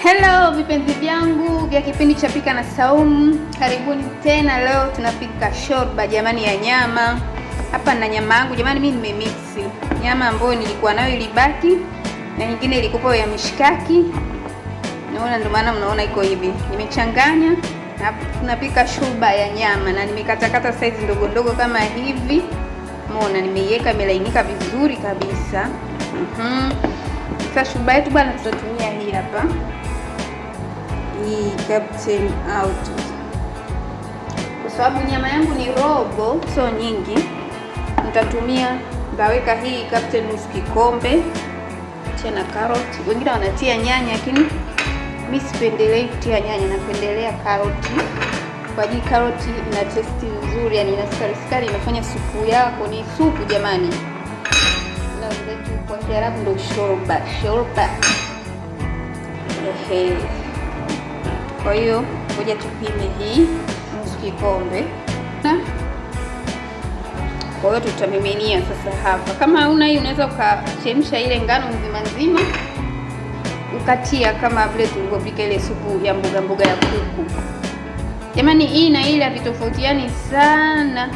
Hello vipenzi vyangu vya kipindi cha Pika na Saumu, karibuni tena. Leo tunapika shorba jamani ya nyama. Hapa na nyama yangu jamani, mimi nimemiksi nyama ambayo nilikuwa nayo ilibaki na nyingine ilikuwa ya mishikaki, naona ndio maana mnaona iko hivi. Nimechanganya na tunapika shorba ya nyama, na nimekatakata saizi ndogo ndogo kama hivi. Mona nimeiweka imelainika vizuri kabisa. mm -hmm kashuba yetu bwana, tutatumia hii hapa, hii Captain Out, kwa sababu nyama yangu ni robo, sio nyingi. Nitatumia, nitaweka hii Captain nusu kikombe, tena karoti. Wengine wanatia nyanya, lakini mi sipendelei kutia nyanya, napendelea karoti kwa ajili karoti ina testi nzuri, yani ina sukari sukari, inafanya supu yako ni supu jamani basi, ndo shorba shorba. Ehe, kwa hiyo ngoja tupime hii nusu kikombe. Kwa hiyo tutamiminia sasa hapa. Kama una hii, unaweza ukachemsha ile ngano mzima nzima ukatia, kama vile tulivyopika ile supu ya mboga mboga ya kuku. Jamani, hii na ile havitofautiani sana.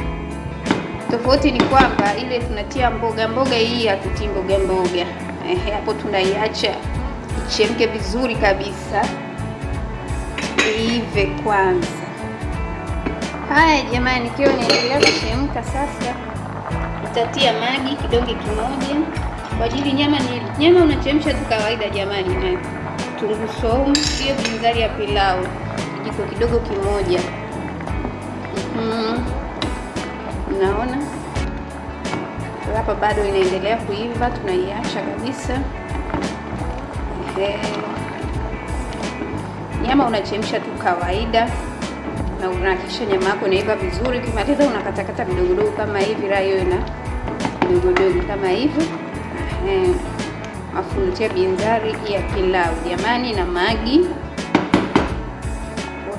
Tofauti ni kwamba ile tunatia mboga mboga, hii hatutii mboga mboga. Ehe, hapo tunaiacha ichemke vizuri kabisa iive kwanza. Haya jamani, ikiwa naendelea kuchemka sasa, utatia maji kidonge kimoja kwa ajili nyama. Ni nyama unachemsha tu kawaida jamani, na kitunguu saumu, hiyo binzari ya pilau, kijiko kidogo kimoja. mm -hmm mnaona hapa bado inaendelea kuiva, tunaiacha kabisa. Ehe, nyama unachemsha tu kawaida na unahakikisha nyama yako inaiva vizuri. Ukimaliza unakatakata vidogodogo kama hivi, raha hiyo ina vidogodogo kama hivi. Ehe, mafunutia binzari ya pilau jamani, na magi.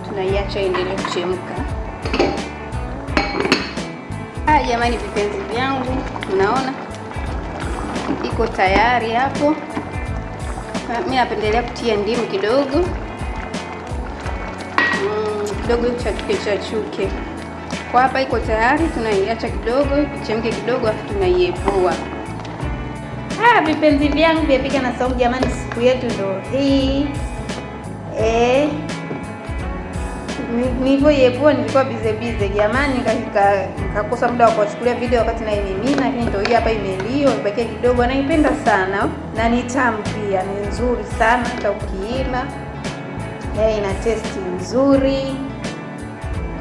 Tunaiacha iendelee kuchemka jamani, vipenzi vyangu, unaona iko tayari hapo. Mimi ah, napendelea kutia ndimu kidogo mm, kidogo chachuke chachuke. Kwa hapa iko tayari, tunaiacha kidogo ichemke kidogo, afu tunaiepua. Ah, vipenzi vyangu, vyapika na saumu jamani, siku yetu ndo hii eh nilivyoiepua nilikuwa bize bize jamani, nikakosa muda wa kuwachukulia video wakati naimimina, lakini ndio hii hapa imelio, imebakia kidogo. Naipenda sana na ni tamu pia, ni nzuri sana, hata ukiila eh, ina testi nzuri,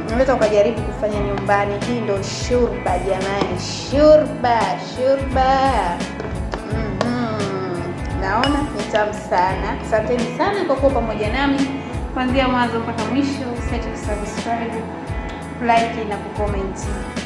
unaweza ukajaribu kufanya nyumbani. Hii ndio shurba jamani, shurba shurba. mm -hmm. Naona ni tamu sana. Asanteni sana kwa kuwa pamoja nami kuanzia mwanzo mpaka mwisho. Usiache kusubscribe, like na kucomment.